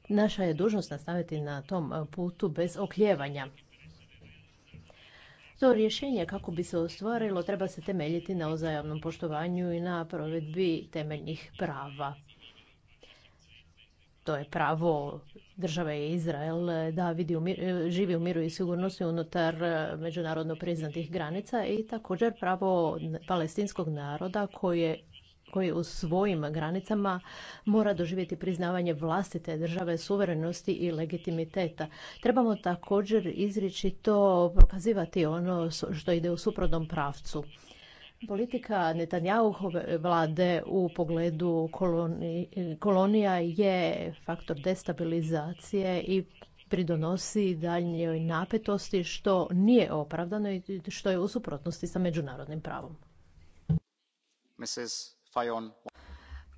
Speaker 1: Naša je dužnost nastaviti na tom putu bez okljevanja. To rješenje kako bi se ostvarilo treba se temeljiti na uzajamnom poštovanju i na provedbi temeljnih prava. To je pravo države Izrael da vidi u živi u miru i sigurnosti unutar međunarodno priznatih granica i također pravo palestinskog naroda koje koji u svojim granicama mora doživjeti priznavanje vlastite države suverenosti i legitimiteta. Trebamo također izričito prokazivati ono što ide u suprotnom pravcu. Politika Netanjahuhove vlade u pogledu kolonija je faktor destabilizacije i pridonosi daljnjoj napetosti što nije opravdano i što je u suprotnosti sa međunarodnim pravom. Fajon.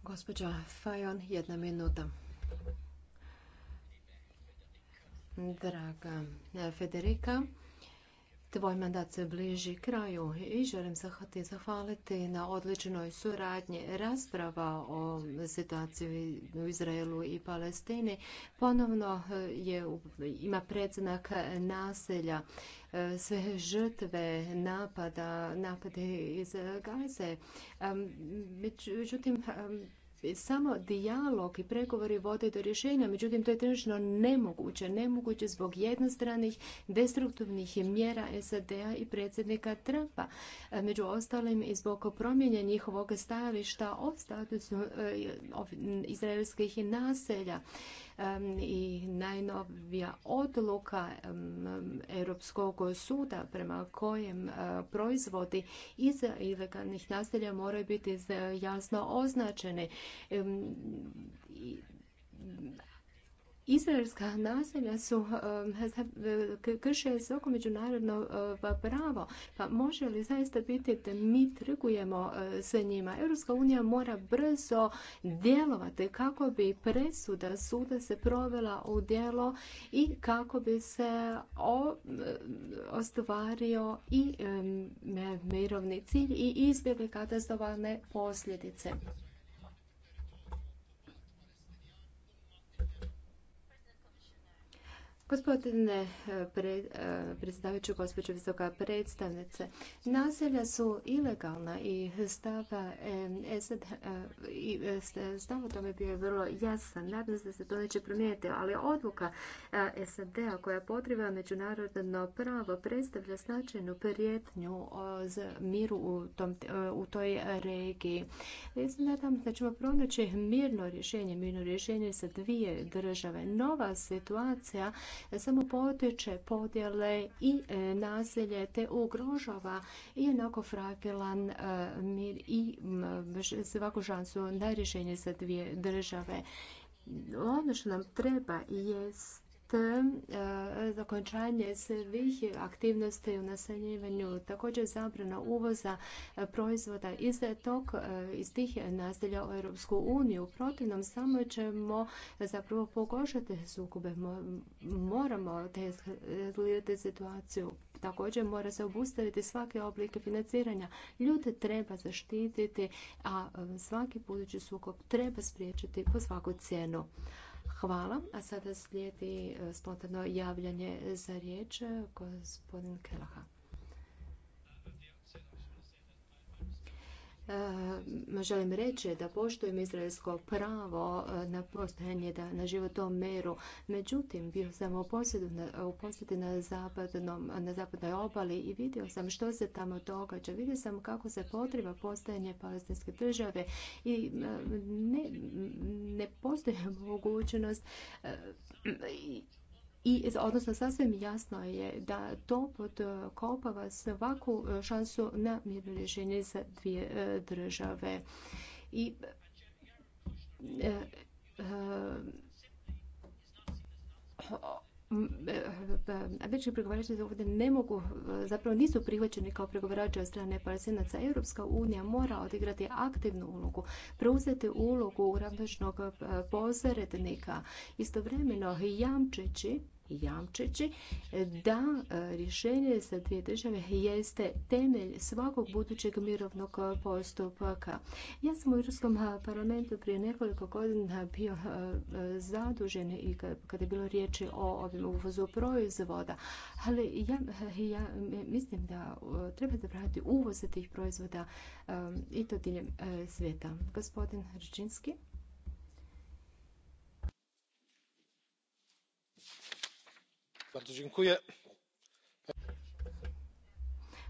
Speaker 1: Gospođa
Speaker 2: Fajon, jedna minuta. Draga Federika, Tvoj mandat se bliži kraju i želim zahvaliti na odličnoj suradnji. Rasprava o situaciji u Izraelu i Palestini ponovno eh, je, ima predznak naselja. Eh, sve žrtve napada, napade iz Gaze. Međutim, samo dijalog i pregovori vode do rješenja, međutim to je trenutno nemoguće, nemoguće zbog jednostranih destruktivnih mjera SAD-a i predsjednika Trumpa, e, među ostalim i zbog promjenja njihovog stajališta o statusu e, izraelskih naselja i najnovija odluka Europskog suda prema kojem e, proizvodi iz ilegalnih naselja moraju biti jasno označeni izraelska naselja su eh, krše svako međunarodno eh, pravo. Pa može li zaista biti da mi trgujemo eh, sa njima? Europska unija mora brzo djelovati kako bi presuda suda se provela u djelo i kako bi se ostvario i mirovni cilj i izbjegli katastrofalne posljedice. Gospodine e, e, predstavajući gospođo visoka predstavnice, naselja su ilegalna i stava e, stav tome bio je vrlo jasan. Nadam se da se to neće promijeniti, ali odluka SAD-a koja potreba međunarodno pravo predstavlja značajnu prijetnju za miru u, u toj regiji. Ja se nadam da ćemo pronaći mirno rješenje, mirno rješenje sa dvije države. Nova situacija samo potiče podjele i e, nasilje te ugrožava i onako fragilan e, mir i svaku šansu na rješenje sa dvije države. Ono što nam treba jest jest eh, zakončanje svih aktivnosti u naseljivanju, također zabrana uvoza eh, proizvoda iz, tog, eh, iz tih naselja u Europsku uniju. Protivnom samo ćemo zapravo pogošati sukobe. Moramo te situaciju. Također mora se obustaviti svake oblike financiranja. Ljude treba zaštititi, a svaki budući sukob treba spriječiti po svaku cijenu. Hvala. A sada slijedi e, spontano javljanje za riječ e, gospodin Kelaha. Eh, želim reći da poštujem izraelsko pravo eh, na postojanje da, na životom meru. Međutim, bio sam u posjedu na, posjeti na, na zapadnoj obali i vidio sam što se tamo događa. Vidio sam kako se potreba postojanje palestinske države i eh, ne, ne postoji mogućnost i, i odnosno sasvim jasno je da to podkopava svaku šansu na mirno rješenje za dvije e, države. I e, e, E, veći pregovarači ovdje ne mogu, e, zapravo nisu prihvaćeni kao pregovarači od strane palestinaca. Europska unija mora odigrati aktivnu ulogu, preuzeti ulogu ravnočnog e, posrednika, istovremeno jamčeći jamčeći da e, rješenje sa dvije države jeste temelj svakog budućeg mirovnog postupaka. Ja sam u Ruskom e, parlamentu prije nekoliko godina bio e, zadužen i kada je bilo riječi o ovim uvozu proizvoda, ali ja, mislim da treba zabraniti uvoz tih proizvoda i to diljem svijeta. Gospodin ričinski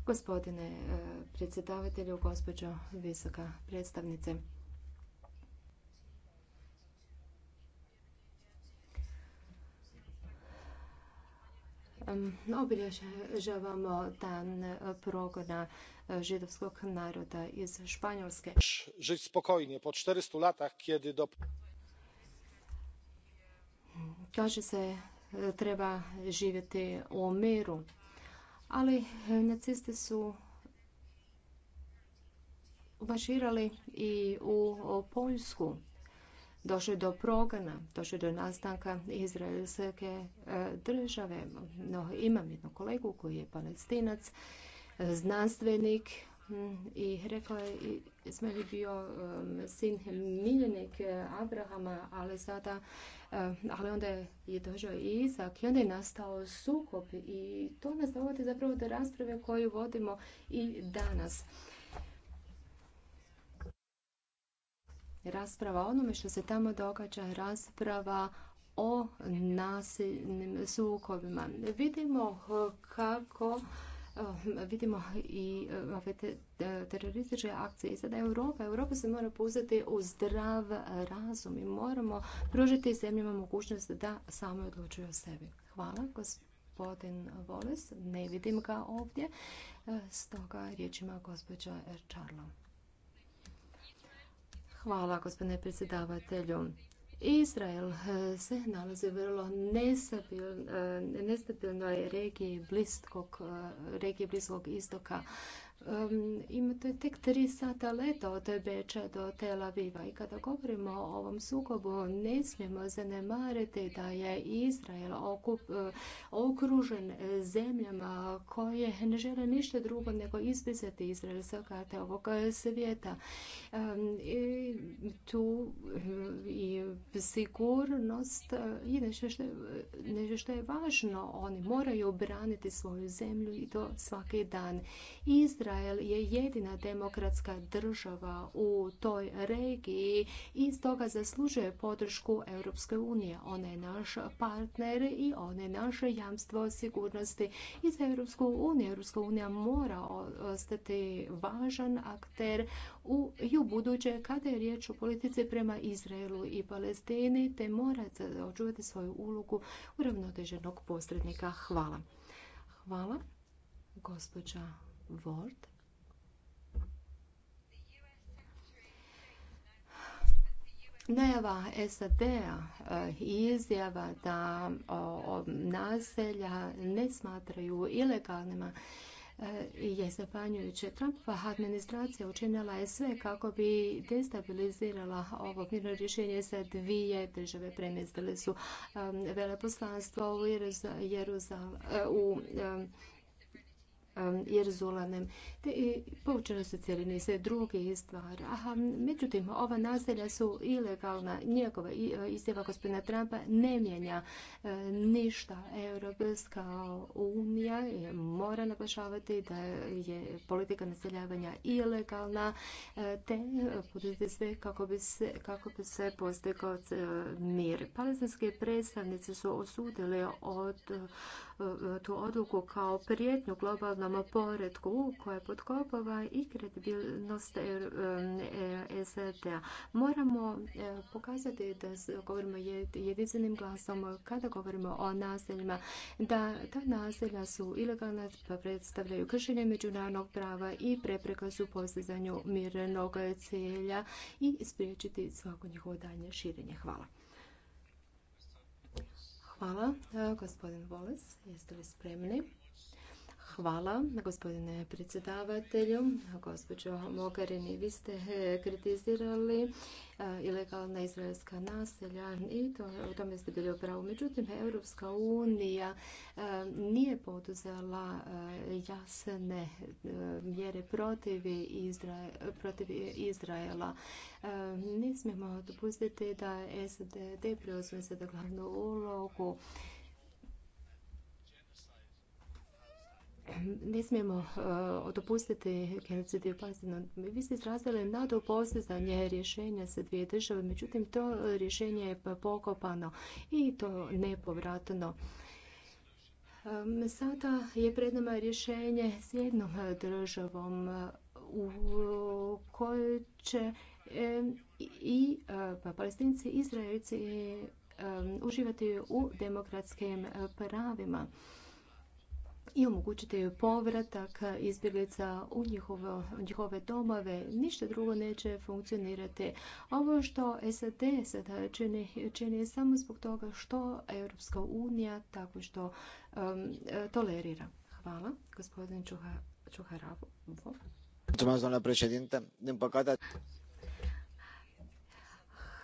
Speaker 2: Gospodine e, predsjedavatelju, gospođo visoka predstavnice. Obilježavamo dan progona e, židovskog naroda iz Španjolske.
Speaker 3: Żyć je po 400 latach, kiedy do...
Speaker 2: Kaže se treba živjeti u miru. Ali nacisti su uvažirali i u Poljsku. Došlo do progana, došli je do nastanka izraelske e, države. No, imam jednu kolegu koji je palestinac, znanstvenik, i rekla je Ismail bio um, sin miljenik eh, Abrahama, ali sada eh, ali onda je došao i Izak i onda je nastao sukob i to nas dovodi zapravo do rasprave koju vodimo i danas. Rasprava o onome što se tamo događa, rasprava o nasilnim sukobima. Vidimo kako Ehm, vidimo i ehm, ove terorističke akcije. I sada Europa, Europa se mora pouzeti u zdrav razum i moramo pružiti zemljama mogućnost da same odlučuju o sebi. Hvala, gospodin Voles. Ne vidim ga ovdje. Ehm, stoga riječ ima gospođa Hvala, gospodine predsjedavatelju. Izrael eh, se nalazi u vrlo eh, nestabilnoj regiji bliskog, eh, regiji bliskog istoka imate tek tri sata leta od Beča do Tel Aviva i kada govorimo o ovom sukobu ne smijemo zanemariti da je Izrael e, okružen e, zemljama koje ne žele ništa drugo nego izbizati Izrael sa karte ovog e, svijeta. i tu i sigurnost i nešto što, nešto što je važno. Oni moraju braniti svoju zemlju i to svaki dan. Izrael Izrael je jedina demokratska država u toj regiji i stoga zaslužuje podršku Europske unije. Ona je naš partner i ona je naše jamstvo sigurnosti i za Europsku uniju. Europska unija mora ostati važan akter u, i u buduće kada je riječ o politici prema Izraelu i Palestini te mora očuvati svoju ulogu uravnoteženog posrednika. Hvala. Hvala, gospođa Word. Najava SAD-a eh, i izjava da naselja ne smatraju ilegalnima eh, je zapanjujuće. Trumpova administracija učinila je sve kako bi destabilizirala ovo mirno rješenje sa dvije države. premjestile su eh, veleposlanstvo u Jeruzalem, u Um, Jeruzalem te i poučeno su cijeli niz druge stvari. Aha, međutim, ova naselja su ilegalna. Njegova e, izjava gospodina Trumpa ne mijenja e, ništa. Europska unija mora naglašavati da je politika naseljavanja ilegalna e, te poduzeti sve kako bi se, kako bi se postigao mir. Palestinske predstavnice su osudili od E, tu odluku kao prijetnju globalnom poredku koja podkopava i kredibilnost e, e, SAD-a. Moramo pokazati da govorimo jedinstvenim glasom kada govorimo o naseljima, da ta naselja su ilegalna, pa predstavljaju kršenje međunarodnog prava i prepreka su postizanju mirenog cilja i spriječiti svako njihovo daljnje širenje. Hvala. Hvala. E, gospodin Voles, jeste li spremni? Hvala, gospodine predsjedavatelju. Gospođo Mogarini, vi ste e, kritizirali e, ilegalna izraelska naselja i to, u tome ste bili upravo. Međutim, Europska unija e, nije poduzela jasne mjere protiv, protiv Izraela. Ne smijemo dopustiti da SDD preuzme sada glavnu ulogu ne smijemo uh, dopustiti genocid u Vi ste izrazili nadu postizanje rješenja sa dvije države, međutim to rješenje je pokopano i to nepovratno. Um, sada je pred nama rješenje s jednom e, državom e, u kojoj će i uh, palestinci, izraelci um, uživati u demokratskim pravima i omogućiti joj povratak izbjeglica u njihove, domove. Ništa drugo neće funkcionirati. Ovo što SAD sada čini, je samo zbog toga što Europska unija tako što tolerira. Hvala, gospodin Čuharabu.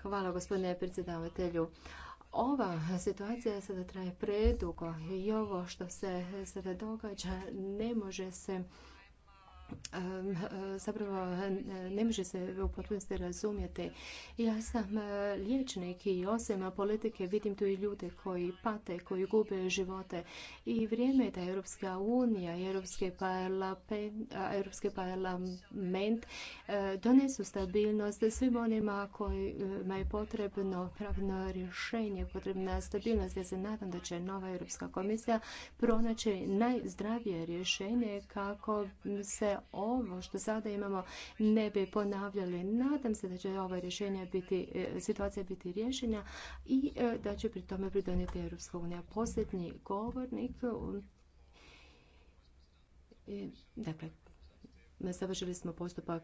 Speaker 2: Hvala, gospodine predsjedavatelju. Ova situacija sada traje predugo i ovo što se sada događa ne može se E, zapravo e, ne može se u potpunosti razumjeti. Ja sam e, liječnik i osim politike vidim tu i ljude koji pate, koji gube živote i vrijeme je da Europska unija i Europski parlament, donesu stabilnost svim onima kojima je potrebno pravno rješenje, potrebna stabilnost. Ja se nadam da će nova Europska komisija pronaći najzdravije rješenje kako se ovo što sada imamo ne bi ponavljali. Nadam se da će ova rješenja biti, e, situacija biti rješenja i e, da će pri tome pridonijeti Europska unija. Posljednji govornik, e, dakle, Završili smo postupak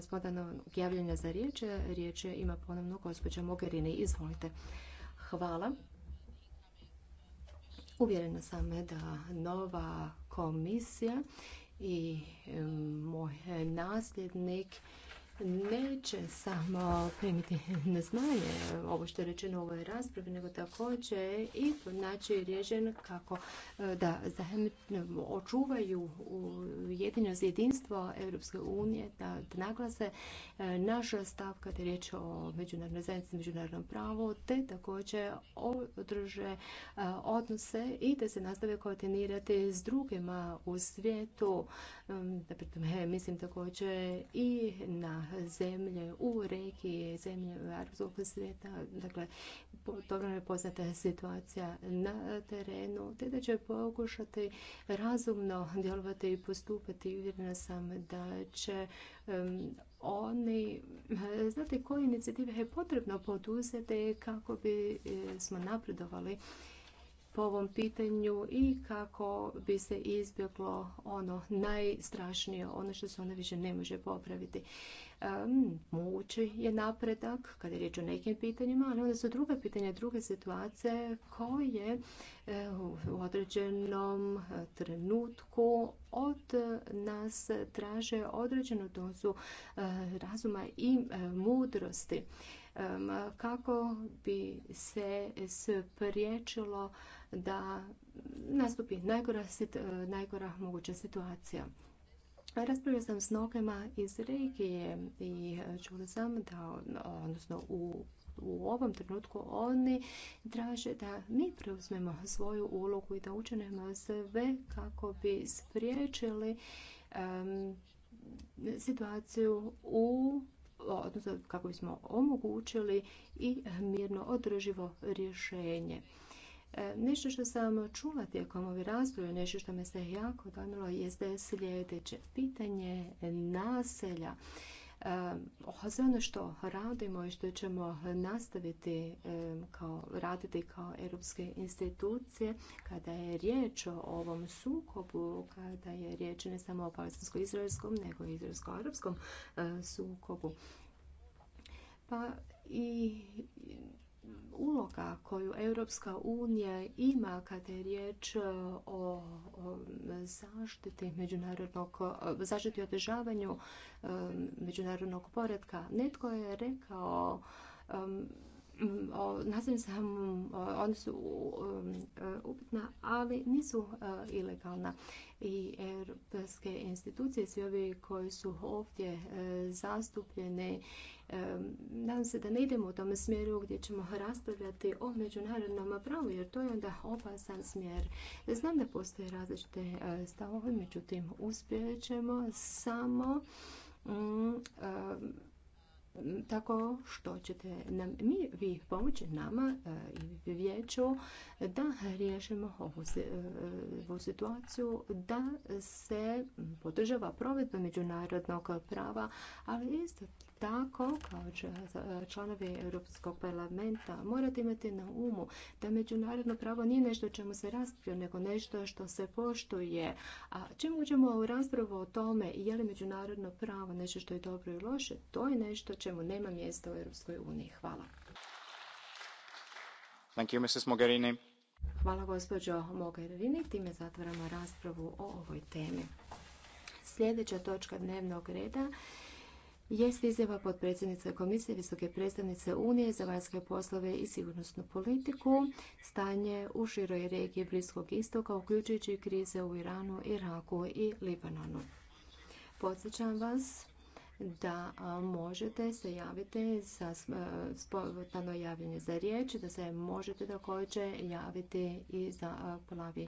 Speaker 2: spontanog, javljanja za riječ. Riječ ima ponovno gospođa Mogherini. Izvolite. Hvala. Uvjerena sam da nova komisija i moj e, nasljednik neće samo primiti na znanje ovo što je rečeno u ovoj raspravi, nego također i pronaći rježen kako e, da očuvaju jedinost jedinstvo Europske unije, da, naglase e, naša stav kad je riječ o međunarodnoj zajednici, međunarodnom pravu, te također održe e, odnose i da se nastave koordinirati s drugima u svijetu. Da mislim također i na zemlje u regiji, zemlje Arabskog svijeta, dakle, dobro je poznata situacija na terenu, te da će pokušati razumno djelovati i postupati. Uvjerena sam da će oni eh, znati koje inicijative je potrebno poduzeti kako bi eh, smo napredovali po ovom pitanju i kako bi se izbjeglo ono najstrašnije, ono što se ona više ne može popraviti mogući je napredak kada je riječ o nekim pitanjima, ali onda su druga pitanja, druge situacije koje eh, u određenom eh, trenutku od nas traže određenu dozu eh, razuma i mudrosti kako bi se spriječilo da nastupi najgora, najgora moguća situacija. Raspravio sam s mnogima iz regije i čula sam da, odnosno u u ovom trenutku oni traže da mi preuzmemo svoju ulogu i da učinimo sve kako bi spriječili situaciju u odnosno kako bismo omogućili i mirno održivo rješenje. E, nešto što sam čula tijekom ove razvoja, nešto što me se jako danilo, jeste sljedeće pitanje naselja. Ono što radimo i što ćemo nastaviti e, kao, raditi kao europske institucije kada je riječ o ovom sukobu, kada je riječ ne samo o palestinsko-izraelskom, nego i izraelsko-arapskom sukobu. Pa i uloga koju Europska unija ima kada je riječ e, o zaštiti međunarodnog, e, i održavanju e, međunarodnog poretka, Netko je rekao nazim sam, oni su upitna, ali nisu ilegalna. I europske institucije, svi ovi koji su ovdje zastupljene Nadam se da ne idemo u tom smjeru gdje ćemo raspravljati o međunarodnom pravu, jer to je onda opasan smjer. Znam da postoje različite e, stavove, međutim, uspjet ćemo samo mm, tako što ćete nam mi, vi pomoći nama e, i vijeću da riješimo ovu, e, ovu situaciju, da se podržava provedba međunarodnog prava, ali isto tako kao članovi Europskog parlamenta morate imati na umu da međunarodno pravo nije nešto o čemu se raspravlja, nego nešto što se poštuje. A čim uđemo u raspravu o tome je li međunarodno pravo nešto što je dobro i loše, to je nešto čemu nema mjesta u Europskoj uniji. Hvala. Hvala gospođo Mogherini. Time zatvaramo raspravu o ovoj temi. Sljedeća točka dnevnog reda jest izjava potpredsjednice Komisije Visoke predstavnice Unije za vanjske poslove i sigurnosnu politiku, stanje u široj regiji Bliskog istoka, uključujući krize u Iranu, Iraku i Libanonu. Podsjećam vas da možete se javiti za spontano javljanje za riječ, da se možete također javiti i za plavi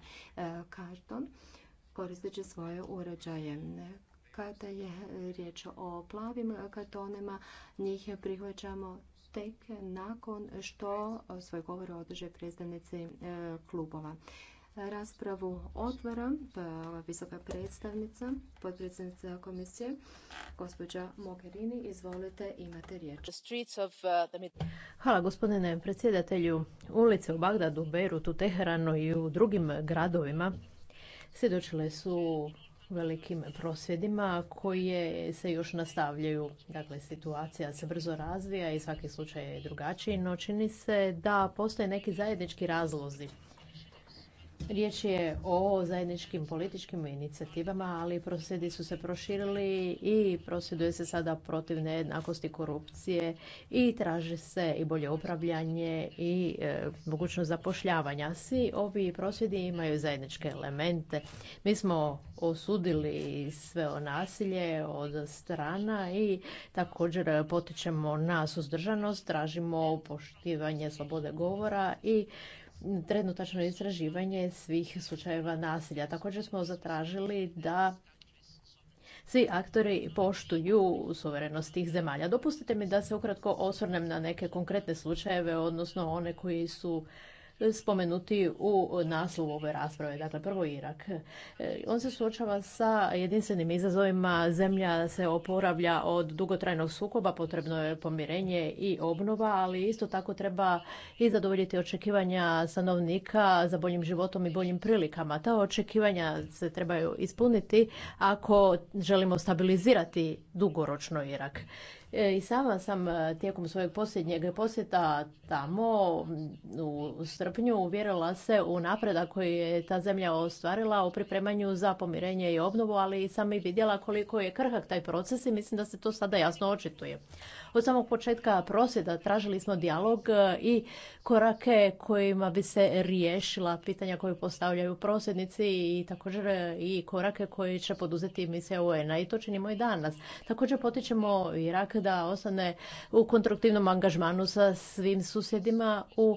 Speaker 2: karton koristeći svoje uređaje. Kada je riječ o plavim kartonima, njih prihvaćamo tek nakon što svoj govor održe predstavnici e, klubova raspravu otvara pa ova visoka predstavnica, potpredsjednica komisije, gospođa Mogherini. Izvolite, imate riječ.
Speaker 1: Uh, Hvala gospodine predsjedatelju. Ulice u Bagdadu, Beirutu, Teheranu i u drugim gradovima svjedočile su velikim prosvjedima koje se još nastavljaju. Dakle, situacija se brzo razvija i svaki slučaj je drugačiji, no čini se da postoje neki zajednički razlozi. Riječ je o zajedničkim političkim inicijativama, ali prosvjedi su se proširili i prosvjeduje se sada protiv nejednakosti korupcije i traži se i bolje upravljanje i e, mogućnost zapošljavanja. Svi ovi prosvjedi imaju zajedničke elemente. Mi smo osudili sve o nasilje od strana i također potičemo na suzdržanost, tražimo poštivanje slobode govora i trenutačno istraživanje svih slučajeva nasilja. Također smo zatražili da svi aktori poštuju suverenost tih zemalja. Dopustite mi da se ukratko osvrnem na neke konkretne slučajeve, odnosno one koji su spomenuti u naslovu ove rasprave. Dakle, prvo Irak. E, on se suočava sa jedinstvenim izazovima. Zemlja se oporavlja od dugotrajnog sukoba, potrebno je pomirenje i obnova, ali isto tako treba i zadovoljiti očekivanja stanovnika za boljim životom i boljim prilikama. Ta očekivanja se trebaju ispuniti ako želimo stabilizirati dugoročno Irak. E, I sama sam e, tijekom svojeg posljednjeg posjeta tamo u srpnju uvjerila se u napredak koji je ta zemlja ostvarila u pripremanju za pomirenje i obnovu, ali sam i vidjela koliko je krhak taj proces i mislim da se to sada jasno očituje. Od samog početka prosvjeda tražili smo dijalog e, i korake kojima bi se riješila pitanja koje postavljaju prosvjednici i također i korake koje će poduzeti misija UN-a i to činimo i danas. Također potičemo Irak da ostane u konstruktivnom angažmanu sa svim susjedima u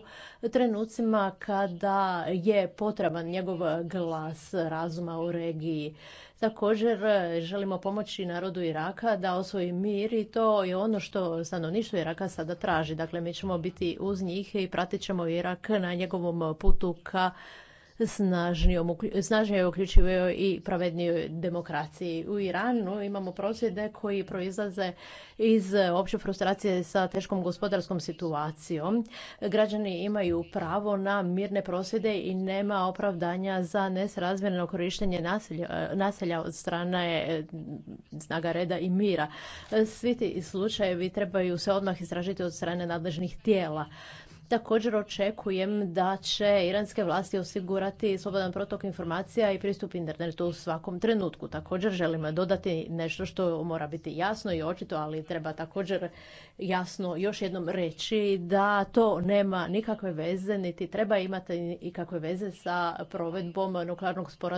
Speaker 1: trenucima kada je potreban njegov glas razuma u regiji. Također želimo pomoći narodu Iraka da osvoji mir i to je ono što stanovništvo Iraka sada traži. Dakle, mi ćemo biti uz njih i pratit ćemo Irak na njegovom putu ka snažnije uključivaju i pravednijoj demokraciji. U Iranu imamo prosvjede koji proizlaze iz opće frustracije sa teškom gospodarskom situacijom. Građani imaju pravo na mirne prosvjede i nema opravdanja za nesrazmjerno korištenje naselja od strane e, snaga reda i mira. Svi ti slučajevi trebaju se odmah istražiti od strane nadležnih tijela. Također očekujem da će iranske vlasti osigurati slobodan protok informacija i pristup internetu u svakom trenutku. Također želim dodati nešto što mora biti jasno i očito, ali treba također jasno još jednom reći da to nema nikakve veze, niti treba imati ikakve veze sa provedbom nuklearnog sporazuma